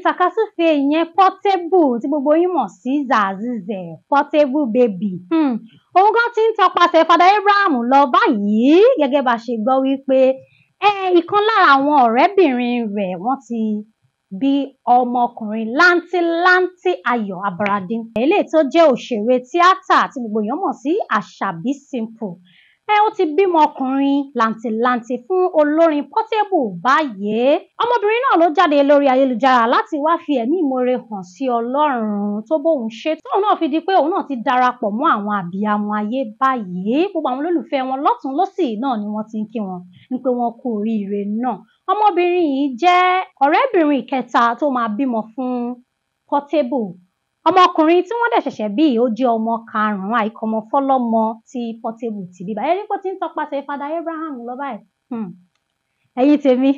takasúfè yẹn portable tí gbogbo yín mọ̀ sí zazizẹ̀ eh, portable baby hmm. òun gan ti ń tọpasẹ̀ fada Abraham lọ báyìí gẹ́gẹ́ bá ṣe gbọ́ wípé ìkan lára àwọn ọ̀rẹ́bìnrin rẹ̀ wọ́n ti bí ọmọkùnrin láńtíláńtí ayọ̀ abradin. eléyìí tó jẹ́ òṣèré tíátà tí gbogbo èèyàn mọ̀ sí àṣàbí simple ẹ ó ti bímọ ọkùnrin làǹtìlanti fún olórin Portable báyé ọmọbìnrin náà ló jáde lórí ayélujára láti wá fi ẹ̀mí ìmoore hàn sí ọlọ́run tó bóun ṣe tóun náà fi di pé òun náà ti darapọ̀ mọ́ àwọn àbíyamọ ayé báyé gbogbo àwọn olólùfẹ́ wọn lọ́tún lọ́sì náà ni wọ́n ti ń kí wọn ní pé wọ́n kú oríire náà ọmọbìnrin yìí jẹ́ ọ̀rẹ́bìnrin ìkẹta tó máa bímọ fún Portable ọmọkùnrin tí wọ́n dẹ̀ ṣẹ̀ṣẹ̀ bí ó jẹ́ ọmọ karùnún àìkọmọ fọlọmọ ti Portable ti bíbá ẹni pé ó ti ń tọpasẹ̀ fada Abraham lọ báyìí hmm. ẹ̀yin tèmi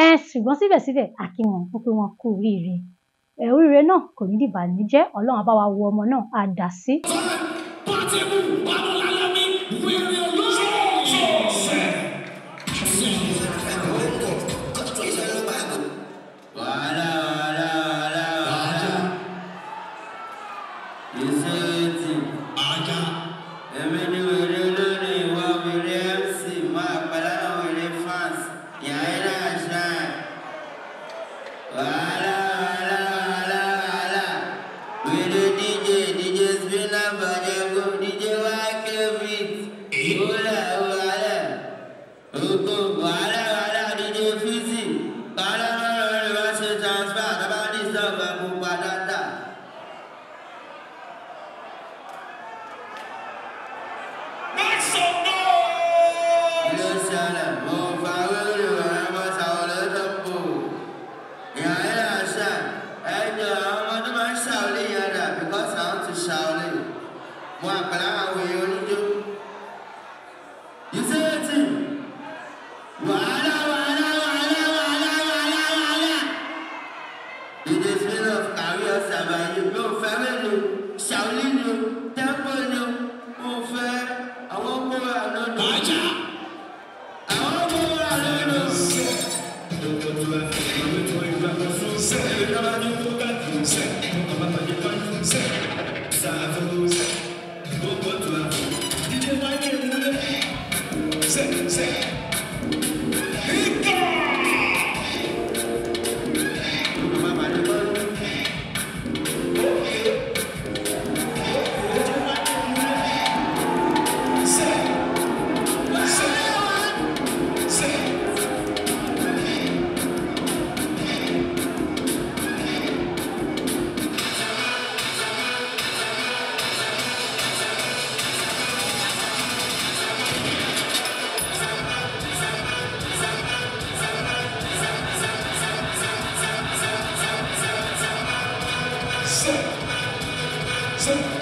ẹ ṣùgbọ́n síbẹ̀síbẹ̀ àkíwọn ó pé wọn kú oríire ẹ oríire náà kò ní dìbànújẹ́ Ọlọ́run á bá wa wo ọmọ náà á dà sí. Portable bàbá Isaiah Aja Emmanuel Sit. Sit.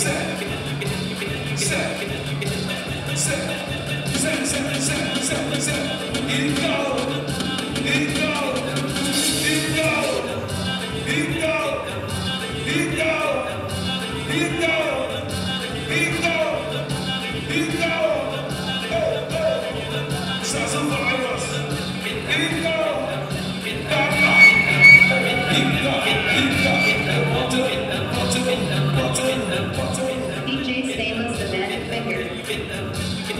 Set, set, set, set, set, set, set, set, set. Here we go. DJ Stamos, the magic finger.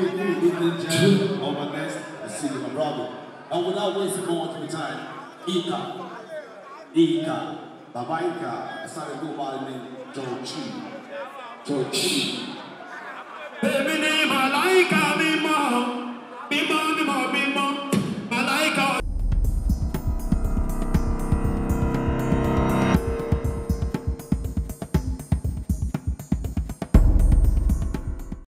big thing we did my next and see my brother. And without wasting more three time, Ika, Ika, Baba Ika, I started to go by the name Jochi, Jochi. Baby name, I be her,